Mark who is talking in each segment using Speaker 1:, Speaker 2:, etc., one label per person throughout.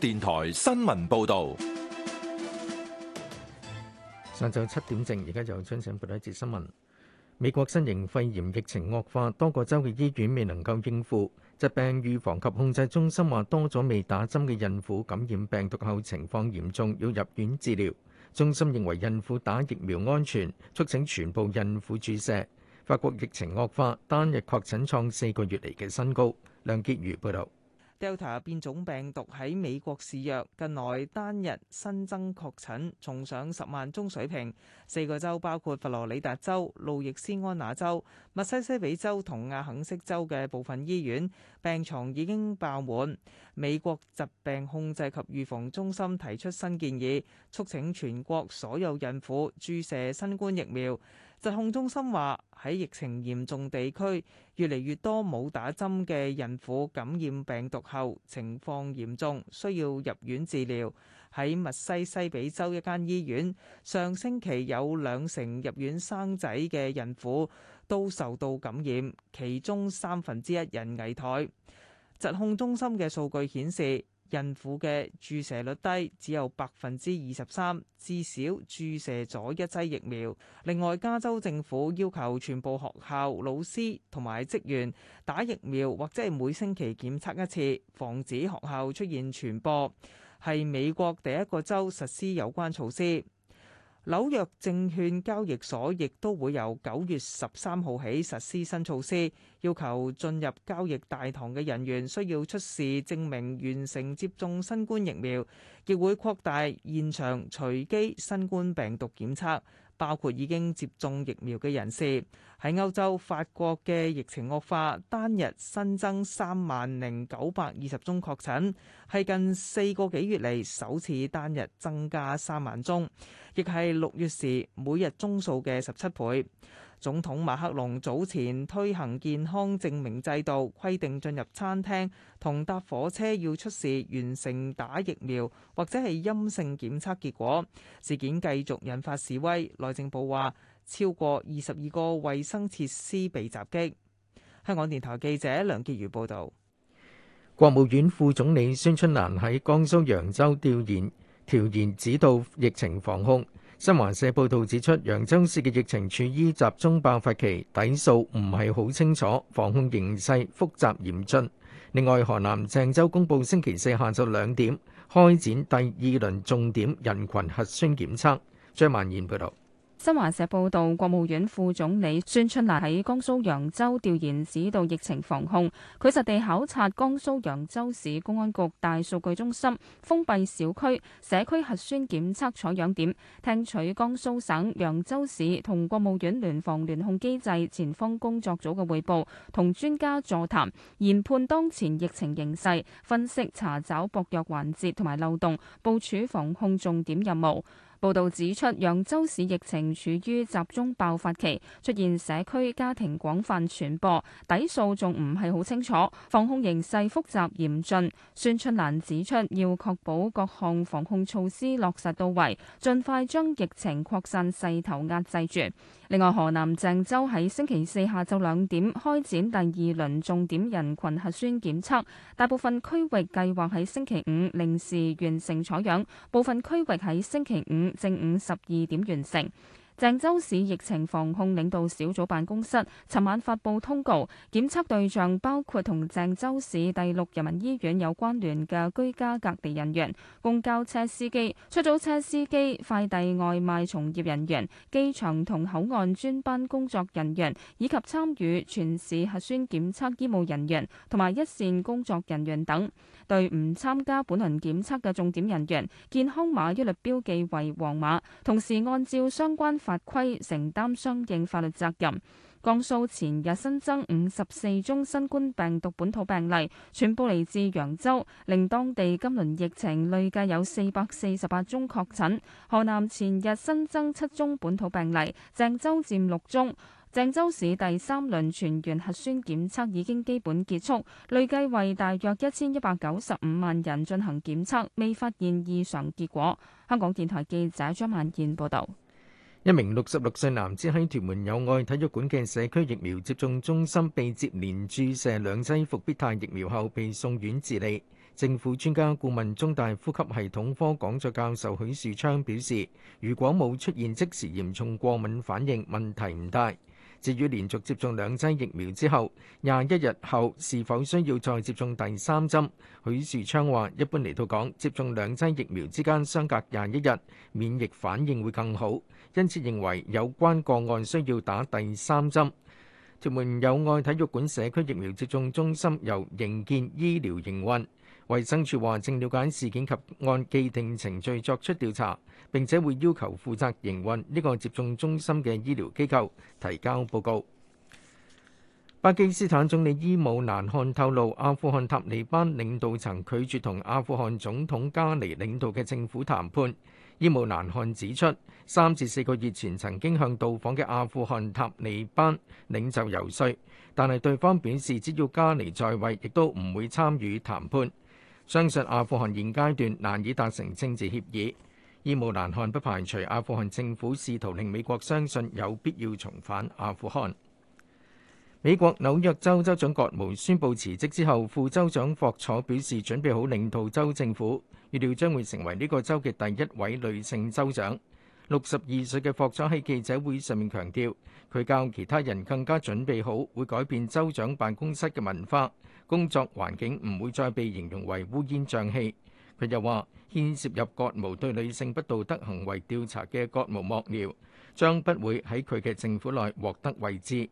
Speaker 1: 電台
Speaker 2: 新聞報道：
Speaker 1: 上晝七點正，而家就穿上播一節新聞。美國新型肺炎疫情惡化，多個州嘅醫院未能夠應付。疾病預防及控制中心話，多咗未打針嘅孕婦感染病毒後情況嚴重，要入院治療。中心認為孕婦打疫苗安全，促請全部孕婦注射。法國疫情惡化，單日確診創四個月嚟嘅新高。梁潔如報道。
Speaker 3: Delta 變種病毒喺美國肆虐，近來單日新增確診重上十萬宗水平。四個州包括佛羅里達州、路易斯安那州、密西西比州同亞肯色州嘅部分醫院病床已經爆滿。美國疾病控制及預防中心提出新建議，促請全國所有孕婦注射新冠疫苗。疾控中心話，喺疫情嚴重地區，越嚟越多冇打針嘅孕婦感染病毒後情況嚴重，需要入院治療。喺密西西比州一間醫院，上星期有兩成入院生仔嘅孕婦都受到感染，其中三分之一人危殆。疾控中心嘅數據顯示。孕婦嘅注射率低，只有百分之二十三，至少注射咗一劑疫苗。另外，加州政府要求全部學校老師同埋職員打疫苗，或者係每星期檢測一次，防止學校出現傳播。係美國第一個州實施有關措施。紐約證券交易所亦都會由九月十三號起實施新措施，要求進入交易大堂嘅人員需要出示證明完成接種新冠疫苗，亦會擴大現場隨機新冠病毒檢測。包括已經接種疫苗嘅人士，喺歐洲，法國嘅疫情惡化，單日新增三萬零九百二十宗確診，係近四個幾月嚟首次單日增加三萬宗，亦係六月時每日宗數嘅十七倍。總統馬克龍早前推行健康證明制度，規定進入餐廳同搭火車要出示完成打疫苗或者係陰性檢測結果。事件繼續引發示威，內政部話超過二十二個衛生設施被襲擊。香港電台記者
Speaker 1: 梁潔如報導。國務院副總理孫春蘭喺江蘇揚州調研調研指導疫情防控。新華社報導指出，揚州市嘅疫情處於集中爆發期，底數唔係好清楚，防控形勢複雜嚴峻。另外，河南鄭州公布星期四下晝兩點開展第二輪重點人群核酸檢測。張萬燕報道。
Speaker 4: 新華社報道，國務院副總理孫春蘭喺江蘇揚州調研指導疫情防控。佢實地考察江蘇揚州市公安局大數據中心、封閉小區、社區核酸檢測採樣點，聽取江蘇省揚州市同國務院聯防聯控機制前方工作組嘅匯報，同專家座談，研判當前疫情形勢，分析查找薄弱環節同埋漏洞，部署防控重點任務。報道指出，揚州市疫情處於集中爆發期，出現社區家庭廣泛傳播，底數仲唔係好清楚，防控形勢複雜嚴峻。孫春蘭指出，要確保各項防控措施落實到位，儘快將疫情擴散勢頭壓制住。另外，河南鄭州喺星期四下晝兩點開展第二輪重點人群核酸檢測，大部分區域計劃喺星期五零時完成採樣，部分區域喺星期五。正午十二點完成。鄭州市疫情防控領導小組辦公室尋晚發佈通告，檢測對象包括同鄭州市第六人民醫院有關聯嘅居家隔離人員、公交車司機、出租車司機、快遞外賣從業人員、機場同口岸專班工作人員以及參與全市核酸檢測醫務人員同埋一線工作人員等。對唔參加本輪檢測嘅重點人員，健康碼一律標記為黃碼，同時按照相關法規承擔相應法律責任。江蘇前日新增五十四宗新冠病毒本土病例，全部嚟自揚州，令當地今輪疫情累計有四百四十八宗確診。河南前日新增七宗本土病例，鄭州占六宗。鄭州市第三輪全員核酸檢測已經基本結束，累計為大約一千一百九十五萬人進行檢測，未發現異常結果。香港電台記者張萬健報道。
Speaker 1: 一名六十六歲男子喺屯門友愛體育館嘅社區疫苗接種中心被接連注射兩劑復必泰疫苗後，被送院治理。政府專家顧問中大呼吸系統科講座教授許樹昌表示，如果冇出現即時嚴重過敏反應，問題唔大。至於連續接種兩劑疫苗之後廿一日後是否需要再接種第三針？許樹昌話：一般嚟到講，接種兩劑疫苗之間相隔廿一日，免疫反應會更好，因此認為有關個案需要打第三針。屯門友愛體育館社區疫苗接種中心由營建醫療營運。衛生署話正了解事件及按既定程序作出調查，並且會要求負責營運呢個接種中心嘅醫療機構提交報告。巴基斯坦總理伊姆蘭汗透露，阿富汗塔利班領導層拒絕同阿富汗總統加尼領導嘅政府談判。伊姆蘭汗指出，三至四個月前曾經向到訪嘅阿富汗塔利班領袖游説，但係對方表示，只要加尼在位，亦都唔會參與談判。相信阿富汗現階段難以達成政治協議。伊姆蘭汗不排除阿富汗政府試圖令美國相信有必要重返阿富汗。美國紐約州州長葛模宣布辭職之後，副州長霍楚表示準備好領導州政府，預料將會成為呢個州嘅第一位女性州長。六十二歲嘅霍佐喺記者會上面強調，佢教其他人更加準備好，會改變州長辦公室嘅文化，工作環境，唔會再被形容為烏煙瘴氣。佢又話：牽涉入葛謨對女性不道德行為調查嘅葛謨幕僚，將不會喺佢嘅政府內獲得位置。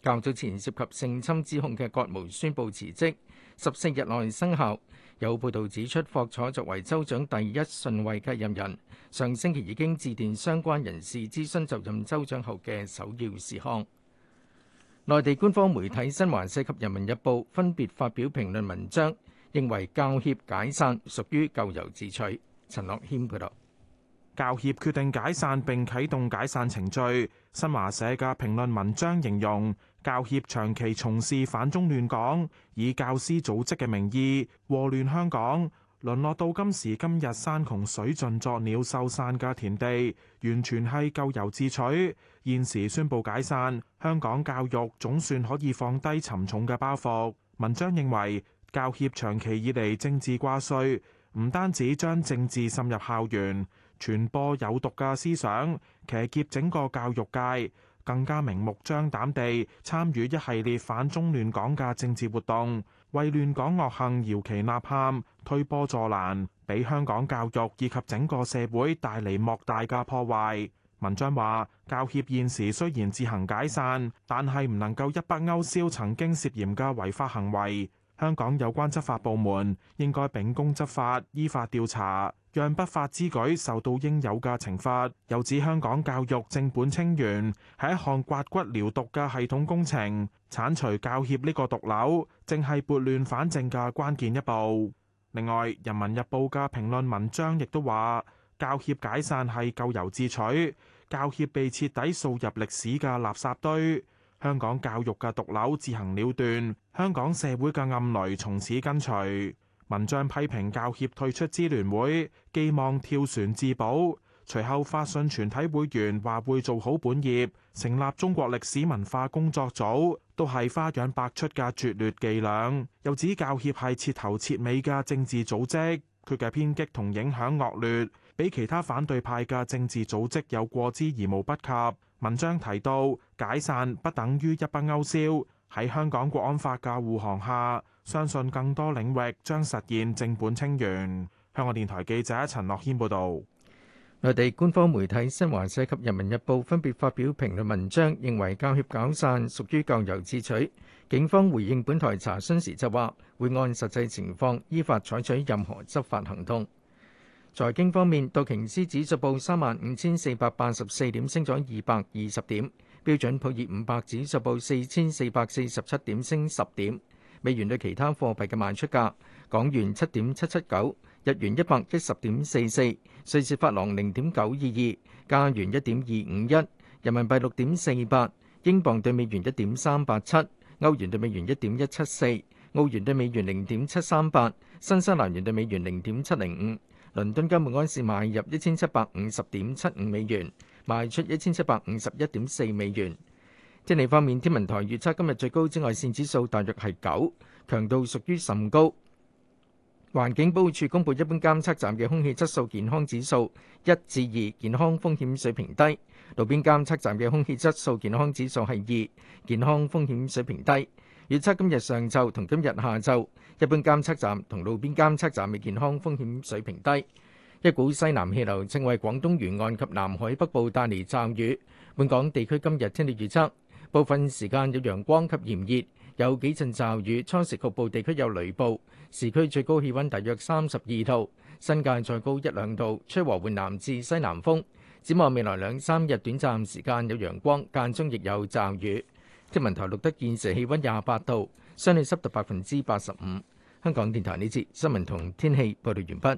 Speaker 1: 較早前涉及性侵指控嘅葛模宣布辭職，十四日內生效。有報道指出，霍楚作為州長第一順位繼任人，上星期已經致電相關人士諮詢就任州長後嘅首要事項。內地官方媒體新華社及人民日報分別發表評論文章，認為教協解散屬於咎
Speaker 2: 由自取。陳樂謙報道，教協決定解散並啟動解散程序。新華社嘅評論文章形容，教協長期從事反中亂港，以教師組織嘅名義禍亂香港，淪落到今時今日山窮水盡作鳥獸散嘅田地，完全係咎由自取。現時宣布解散，香港教育總算可以放低沉重嘅包袱。文章認為，教協長期以嚟政治掛帥，唔單止將政治滲入校園，傳播有毒嘅思想，騎劫整個教育界。更加明目張膽地參與一系列反中亂港嘅政治活動，為亂港惡行搖旗吶喊、推波助瀾，俾香港教育以及整個社會帶嚟莫大嘅破壞。文章話：教協現時雖然自行解散，但係唔能夠一筆勾銷曾經涉嫌嘅違法行為。香港有關執法部門應該秉公執法、依法調查。讓不法之舉受到應有嘅懲罰。又指香港教育正本清源係一項刮骨療毒嘅系統工程，鏟除教協呢個毒瘤，正係撥亂反正嘅關鍵一步。另外，《人民日報》嘅評論文章亦都話，教協解散係咎由自取，教協被徹底掃入歷史嘅垃圾堆，香港教育嘅毒瘤自行了斷，香港社會嘅暗雷從此跟隨。文章批評教協退出支聯會，寄望跳船自保。隨後發信全體會員，話會做好本業，成立中國歷史文化工作組，都係花樣百出嘅絕劣伎倆。又指教協係徹頭徹尾嘅政治組織，佢嘅偏激同影響惡劣，比其他反對派嘅政治組織有過之而無不及。文章提到，解散不等於一筆勾銷。喺香港國安法嘅護航下，相信更多領域將實現正本清源。香港電台記者陳樂軒報導，內地官方媒體《新華社》及《人民日報》分
Speaker 1: 別發表評論文章，認為教協搞散屬於咎由自取。警方回應本台查詢時就話，會按實際情況依法採取任何執法行動。財經方面，道瓊斯指數報三萬五千四百八十四點，升咗二百二十點；標準普爾五百指數報四千四百四十七點，升十點。美元對其他貨幣嘅賣出價：港元七點七七九，日元一百一十點四四，瑞士法郎零點九二二，加元一點二五一，人民幣六點四八，英鎊對美元一點三八七，歐元對美元一點一七四，澳元對美元零點七三八，新西蘭元對美元零點七零五。倫敦金每安士買入一千七百五十點七五美元，賣出一千七百五十一點四美元。天氣方面，天文台預測今日最高紫外綫指數大約係九，強度屬於甚高。環境保護署公布一般監測站嘅空氣質素健康指數一至二，2, 健康風險水平低；路邊監測站嘅空氣質素健康指數係二，健康風險水平低。預測今日上晝同今日下晝，一般監測站同路邊監測站嘅健康風險水平低。一股西南氣流正為廣東沿岸及南海北部帶嚟驟雨。本港地區今日天氣預測。部分時間有陽光及炎熱，有幾陣驟雨，初時局部地區有雷暴。市區最高氣温大約三十二度，新界再高一兩度。吹和緩南至西南風。展望未來兩三日，短暫時間有陽光，間中亦有驟雨。天文台錄得現時氣温廿八度，相對濕度百分之八十五。香港電台呢節新聞同天氣報道完畢。